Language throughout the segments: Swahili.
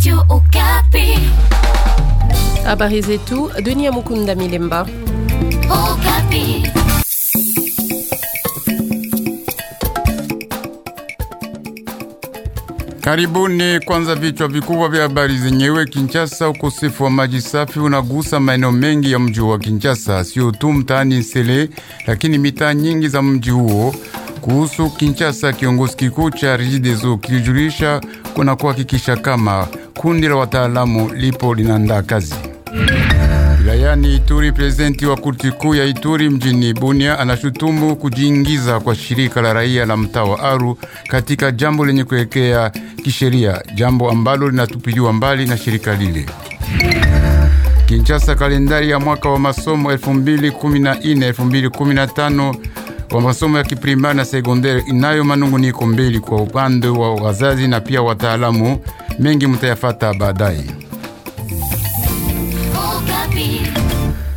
Radio Okapi. Habari zetu dunia. Mukunda Milemba. Okapi. Karibuni. Kwanza vichwa vikubwa vya habari zenyewe. Kinshasa, ukosefu wa maji safi unagusa maeneo mengi ya mji wa Kinshasa, sio tu mtaani Nsele, lakini mitaa nyingi za mji huo. Kuhusu Kinshasa, kiongozi kikuu cha Regideso kilijulisha kuna kuhakikisha kama kundi la wataalamu lipo linaandaa kazi wilayani Ituri. Prezidenti wa kurti kuu ya Ituri mjini Bunia anashutumu kujiingiza kwa shirika la raia la mtaa wa Aru katika jambo lenye kuelekea kisheria, jambo ambalo linatupiliwa mbali na shirika lile. Kinshasa, kalendari ya mwaka wa masomo 2014 2015 kwa masomo ya kiprimari na sekondari inayo manunguniko mbili kwa upande wa wazazi na pia wataalamu. Mengi mutayafata baadaye.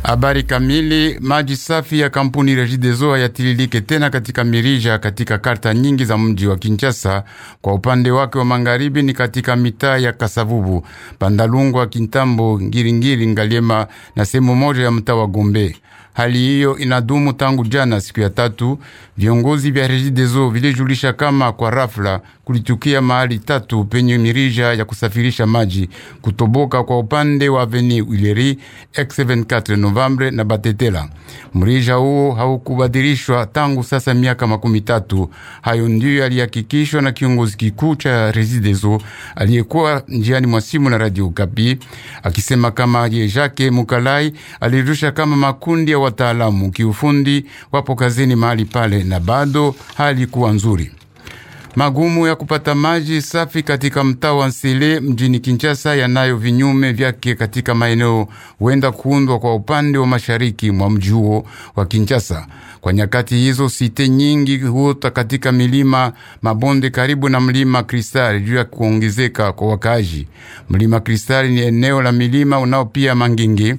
Habari kamili. Maji safi ya kampuni Regideso hayatiririke tena katika mirija katika karta nyingi za mji wa Kinshasa. Kwa upande wake wa magharibi ni katika mitaa ya Kasavubu, Bandalungwa, Kintambo, Ngiringiri, Ngaliema na sehemu moja ya mtaa wa Gombe. Hali hiyo inadumu tangu jana siku ya tatu. Viongozi vya Regideso vilijulisha kama kwa rafla kulitukia mahali tatu penye mirija ya kusafirisha maji kutoboka kwa upande wa Aveni Wileri X24 Novembre na Batetela. Mrija huo haukubadilishwa tangu sasa miaka makumi tatu. Hayo ndiyo yalihakikishwa na kiongozi kikuu cha Regideso aliyekuwa njiani mwa simu na Radio Kapi akisema kama Jacques Mukalai alirusha kama makundi ya wataalamu kiufundi wapo kazini mahali pale, na bado hali kuwa nzuri. Magumu ya kupata maji safi katika mtaa wa Nsele mjini Kinshasa yanayo vinyume vyake katika maeneo huenda kuundwa kwa upande wa mashariki mwa mji huo wa Kinshasa. Kwa nyakati hizo, site nyingi huota katika milima mabonde karibu na mlima Kristali juu ya kuongezeka kwa wakaaji. Mlima Kristali ni eneo la milima unao pia mangingi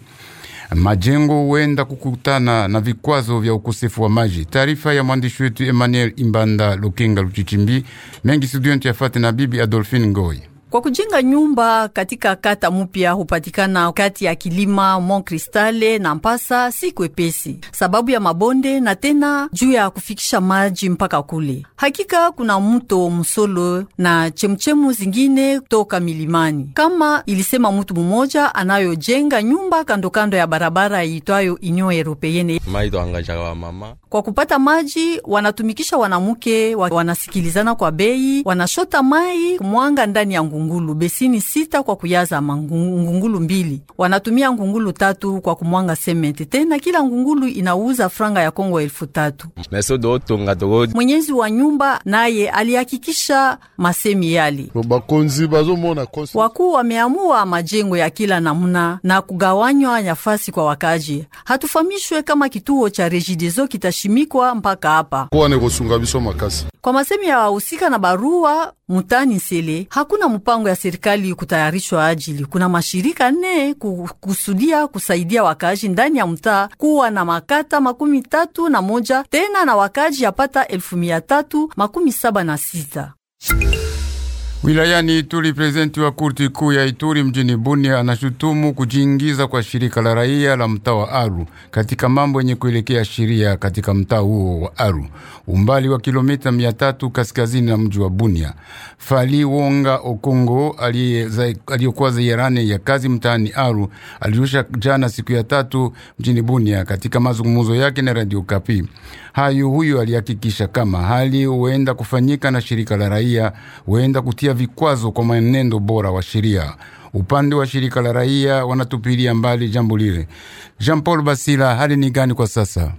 majengo huenda kukutana na vikwazo vya ukosefu wa maji. Taarifa ya mwandishi wetu Emmanuel Imbanda Lukenga Luchichimbi mengi studio yetu na bibi Adolphine Ngoi. Kwa kujenga nyumba katika kata mpya hupatikana kati ya Kilima, Mont Cristale na Mpasa si kwepesi, sababu ya mabonde na tena juu ya kufikisha maji mpaka kule. Hakika kuna mto Msolo na chemchemu zingine toka milimani, kama ilisema mtu mmoja anayojenga nyumba kandokando kando ya barabara iitwayo Union Europeyene. Kwa kupata maji wanatumikisha wanamuke, wanasikilizana kwa bei, wanashota mai kumwanga ndani ya ngumu ngungulu besini sita kwa kuyaza mangungulu mbili, wanatumia ngungulu tatu kwa kumwanga sementi. Tena kila ngungulu inauza franga ya Kongo elfu tatu. Mwenyezi wa nyumba naye alihakikisha masemi yali wakuu wameamua majengo ya kila namna na kugawanywa nyafasi kwa wakaji. Hatufamishwe kama kituo cha rejidezo kitashimikwa mpaka hapa kwa masemi ya wahusika na barua Mutani Nsele hakuna mpango ya serikali kutayarishwa ajili. Kuna mashirika nne kukusudia kusaidia wakaji ndani ya mtaa kuwa na makata makumi tatu na moja tena na wakaji yapata elfu mia tatu makumi saba na sita. Wilayani Ituri, prezidenti wa kurti kuu ya Ituri mjini Bunia anashutumu kujiingiza kwa shirika la raia la mtaa wa Aru katika mambo yenye kuelekea sheria katika mtaa huo wa Aru, umbali wa kilomita mia tatu kaskazini na mji wa Bunia. Fali Wonga Okongo aliyokuwa ziarani ya kazi mtaani Aru alirusha jana siku ya tatu mjini Bunia. Katika mazungumzo yake na Radio Kapi, hayo huyo alihakikisha kama hali huenda kufanyika na shirika la raia huenda kutia vikwazo kwa mwenendo bora wa sheria. Upande wa shirika la raia wanatupilia mbali jambo lile. Jean Paul Basila, hali ni gani kwa sasa?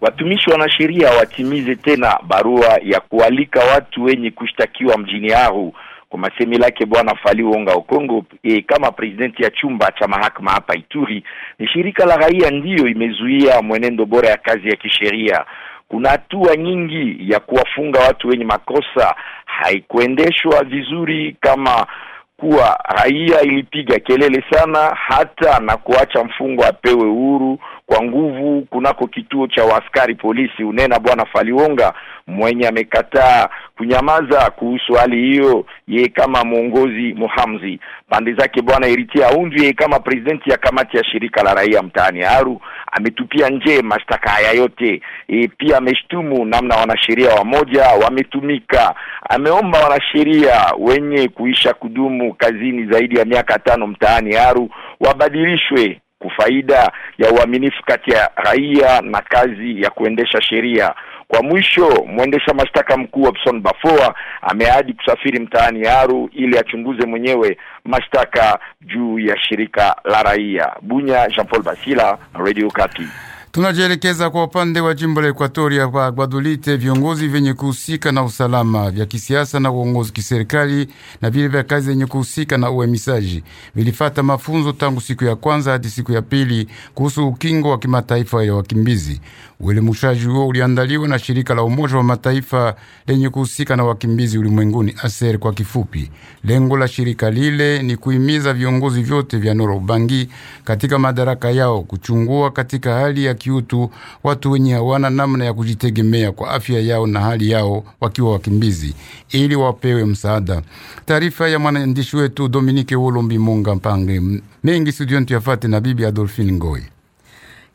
Watumishi wanasheria watimize tena barua ya kualika watu wenye kushtakiwa mjini Aru kwa masemi lake bwana Wonga Okongo e, kama presidenti ya chumba cha mahakama hapa Ituri, ni shirika la raia ndiyo imezuia mwenendo bora ya kazi ya kisheria kuna hatua nyingi ya kuwafunga watu wenye makosa haikuendeshwa vizuri kama kuwa raia ilipiga kelele sana hata na kuacha mfungo apewe uhuru kwa nguvu kunako kituo cha waskari polisi. Unena bwana Falionga mwenye amekataa kunyamaza kuhusu hali hiyo, ye kama mwongozi muhamzi pande zake. Bwana Eriti Aundu, yeye kama presidenti ya kamati ya shirika la raia mtaani Aru, ametupia nje mashtaka haya yote e, pia ameshtumu namna wanasheria wamoja wametumika. Ameomba wanasheria wenye kuisha kudumu kazini zaidi ya miaka tano mtaani Aru wabadilishwe kufaida ya uaminifu kati ya raia na kazi ya kuendesha sheria. Kwa mwisho, mwendesha mashtaka mkuu opson Bafoa ameahidi kusafiri mtaani Aru ili achunguze mwenyewe mashtaka juu ya shirika la raia. Bunya, Jean Paul Basila, Radio Kati. Tunajielekeza kwa upande wa jimbo la Ekuatoria kwa Gwadulite. Viongozi vyenye kuhusika na usalama vya kisiasa na uongozi kiserikali na vile vya kazi vyenye kuhusika na uhamisaji vilifata mafunzo tangu siku ya kwanza hadi siku ya pili kuhusu ukingo wa kimataifa ya wakimbizi. Uelimushaji huo uliandaliwa na shirika la Umoja wa Mataifa lenye kuhusika na wakimbizi ulimwenguni, ASER kwa kifupi. Lengo la shirika lile ni kuhimiza viongozi vyote vya Noro Ubangi katika madaraka yao kuchungua katika hali ya kiutu, watu wenye hawana namna ya kujitegemea kwa afya yao na hali yao wakiwa wakimbizi, ili wapewe msaada. Taarifa ya mwanandishi wetu Dominike Wolombi Munga Mpange mengi studio tuyafate na bibi Adolfine Ngoi.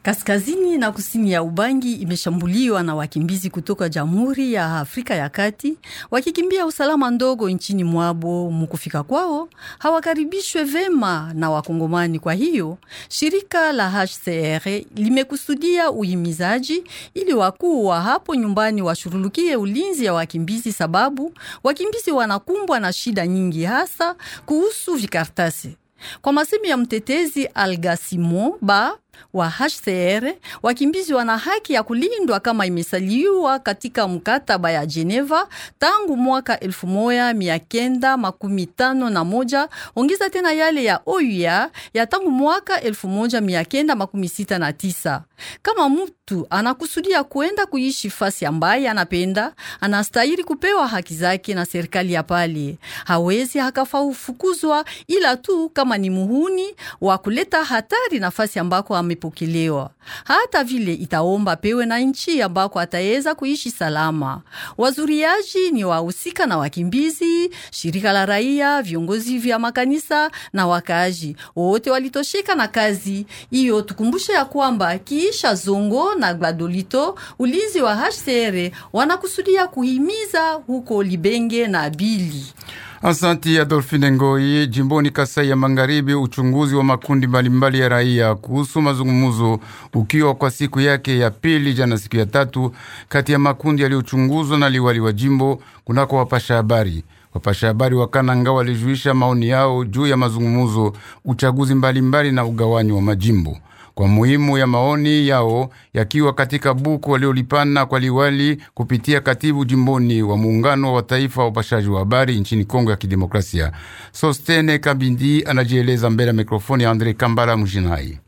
Kaskazini na kusini ya Ubangi imeshambuliwa na wakimbizi kutoka Jamhuri ya Afrika ya Kati wakikimbia usalama ndogo nchini mwabo. Mukufika kwao hawakaribishwe vema na Wakongomani. Kwa hiyo shirika la HCR limekusudia uhimizaji ili wakuu wa hapo nyumbani washurulukie ulinzi ya wakimbizi, sababu wakimbizi wanakumbwa na shida nyingi, hasa kuhusu vikartasi Kwa masemi ya mtetezi Algasimo ba wa HCR, wakimbizi wana haki ya kulindwa kama imesaliwa katika mkataba ya Geneva tangu mwaka 1951, ongeza tena yale ya OUA ya tangu mwaka 1969. Kama mtu anakusudia kuenda kuishi fasi ambaye anapenda, anastahili kupewa haki zake na serikali ya pale. Hawezi hakafufukuzwa ila tu kama ni muhuni wa kuleta hatari nafasi ambako amepokelewa. Hata vile itaomba pewe na nchi ambako ataweza kuishi salama. Wazuriaji ni wahusika na wakimbizi, shirika la raia, viongozi vya makanisa na wakaaji wote walitosheka na kazi hiyo. Tukumbushe ya kwamba kiisha Zongo na Gladolito, ulinzi wa HCR wanakusudia kuhimiza huko Libenge na Bili. Asanti Adolfine Ngoi. Jimboni Kasai ya Magharibi, uchunguzi wa makundi mbalimbali ya raia kuhusu mazungumzo ukiwa kwa siku yake ya pili jana, siku ya tatu, kati ya makundi yaliyochunguzwa na liwali wa jimbo kunako wapasha habari wapasha habari wa Kananga walijuisha maoni yao juu ya mazungumzo uchaguzi mbalimbali mbali na ugawanyi wa majimbo kwa muhimu ya maoni yao yakiwa katika buku waliolipana kwa liwali kupitia katibu jimboni wa muungano wa taifa wa upashaji wa habari nchini Kongo ya Kidemokrasia. Sostene Kabindi anajieleza mbele ya mikrofoni ya Andre Kambala Mujinai.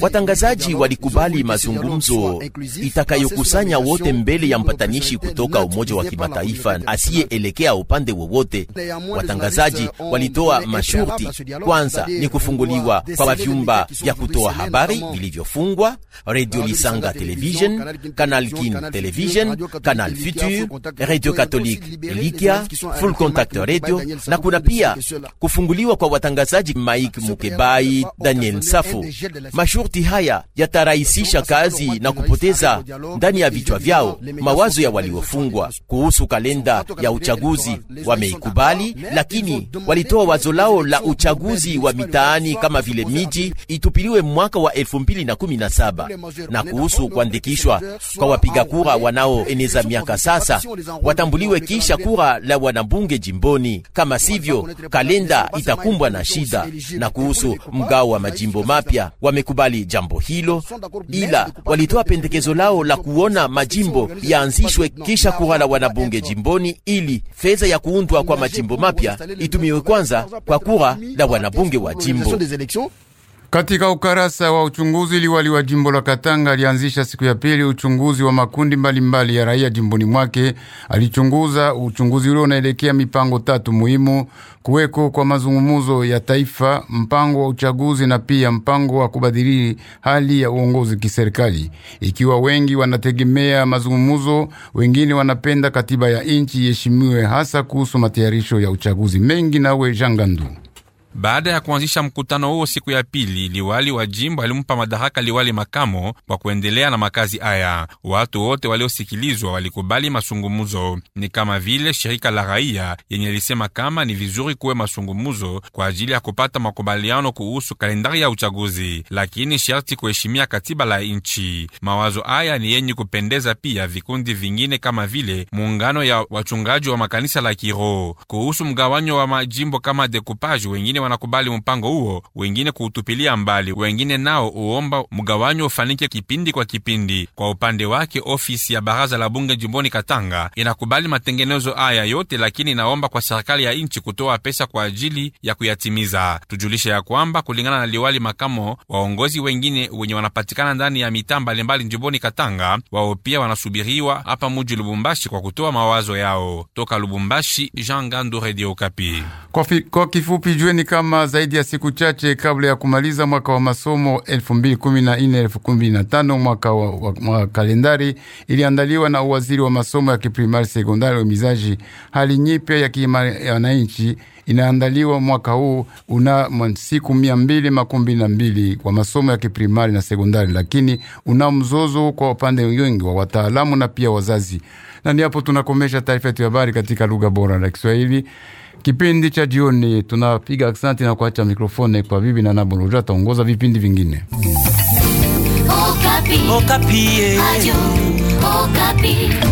Watangazaji walikubali mazungumzo itakayokusanya wote mbele ya mpatanishi kutoka Umoja wa Kimataifa asiyeelekea upande wowote. Watangazaji walitoa masharti. Kwanza ni kufunguliwa kwa vyumba vya kutoa habari vilivyofungwa: Radio Lisanga Television, Canal Kin Television, Canal Futur, Radio Catholique Elikia, Full Contact Radio, na kuna pia kufunguliwa kwa watangazaji Mike Mukebai, Daniel Safu machafu. Masharti haya yatarahisisha kazi na kupoteza ndani ya vichwa vyao mawazo ya waliofungwa. Kuhusu kalenda ya uchaguzi, wameikubali, lakini walitoa wazo lao la uchaguzi wa mitaani kama vile miji itupiliwe mwaka wa 2017 na kuhusu kuandikishwa kwa wapiga kura wanaoeneza miaka sasa watambuliwe kisha kura la wanabunge jimboni, kama sivyo kalenda itakumbwa na shida. Na kuhusu mgao wa majimbo mapi wapya wamekubali jambo hilo, ila walitoa pendekezo lao la kuona majimbo yaanzishwe kisha kuwa na wanabunge jimboni, ili fedha ya kuundwa kwa majimbo mapya itumiwe kwanza kwa kura la wanabunge wa jimbo. Katika ukarasa wa uchunguzi, liwali wa jimbo la Katanga alianzisha siku ya pili uchunguzi wa makundi mbalimbali mbali ya raia jimboni mwake. Alichunguza uchunguzi ule unaelekea mipango tatu muhimu: kuweko kwa mazungumuzo ya taifa, mpango wa uchaguzi na pia mpango wa kubadili hali ya uongozi kiserikali. Ikiwa wengi wanategemea mazungumuzo, wengine wanapenda katiba ya inchi iheshimiwe, hasa kuhusu matayarisho ya uchaguzi mengi. Nawe Jangandu baada ya kuanzisha mkutano huo siku ya pili, liwali wa jimbo alimpa madaraka liwali makamo kwa kuendelea na makazi haya. Watu wote waliosikilizwa walikubali masungumuzo, ni kama vile shirika la raia yenye lisema kama ni vizuri kuwe masungumuzo kwa ajili ya kupata makubaliano kuhusu kalendari ya uchaguzi, lakini sharti kuheshimia katiba la nchi. Mawazo haya ni yenye kupendeza pia vikundi vingine kama vile muungano ya wachungaji wa makanisa la kiroho kuhusu mgawanyo wa majimbo kama dekupaji wengine wanakubali mpango huo, wengine kuutupilia mbali, wengine nao uomba mgawanyo ufanike kipindi kwa kipindi. Kwa upande wake, ofisi ya baraza la bunge jimboni Katanga inakubali matengenezo haya yote, lakini inaomba kwa serikali ya nchi kutoa pesa kwa ajili ya kuyatimiza. Tujulishe ya kwamba kulingana na liwali makamo, waongozi wengine wenye wanapatikana ndani ya mitaa mbalimbali jimboni Katanga wao pia wanasubiriwa hapa muji Lubumbashi kwa kutoa mawazo yao. Toka Lubumbashi, Jean Gandu, Radio Kapi. Kwa kifupi jueni kama zaidi ya siku chache kabla ya kumaliza mwaka wa masomo 2014 2015, mwaka wa, wa, wa kalendari iliandaliwa na uwaziri wa masomo ya kiprimari sekondari wa mizaji. Hali nyipya ya kiwananchi inaandaliwa mwaka huu una siku mia mbili makumi na mbili kwa masomo ya kiprimari na sekondari, lakini una mzozo kwa upande wengi wa wataalamu na pia wazazi. Na ni hapo tunakomesha taarifa yetu ya habari katika lugha bora la Kiswahili. Kipindi cha jioni tunapiga aksanti na kuacha mikrofone kwa bibi na Nabuluja ataongoza vipindi vingine. Okapi. Okapi. Eh.